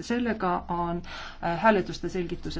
sellega on äh, hääletuste selgitused.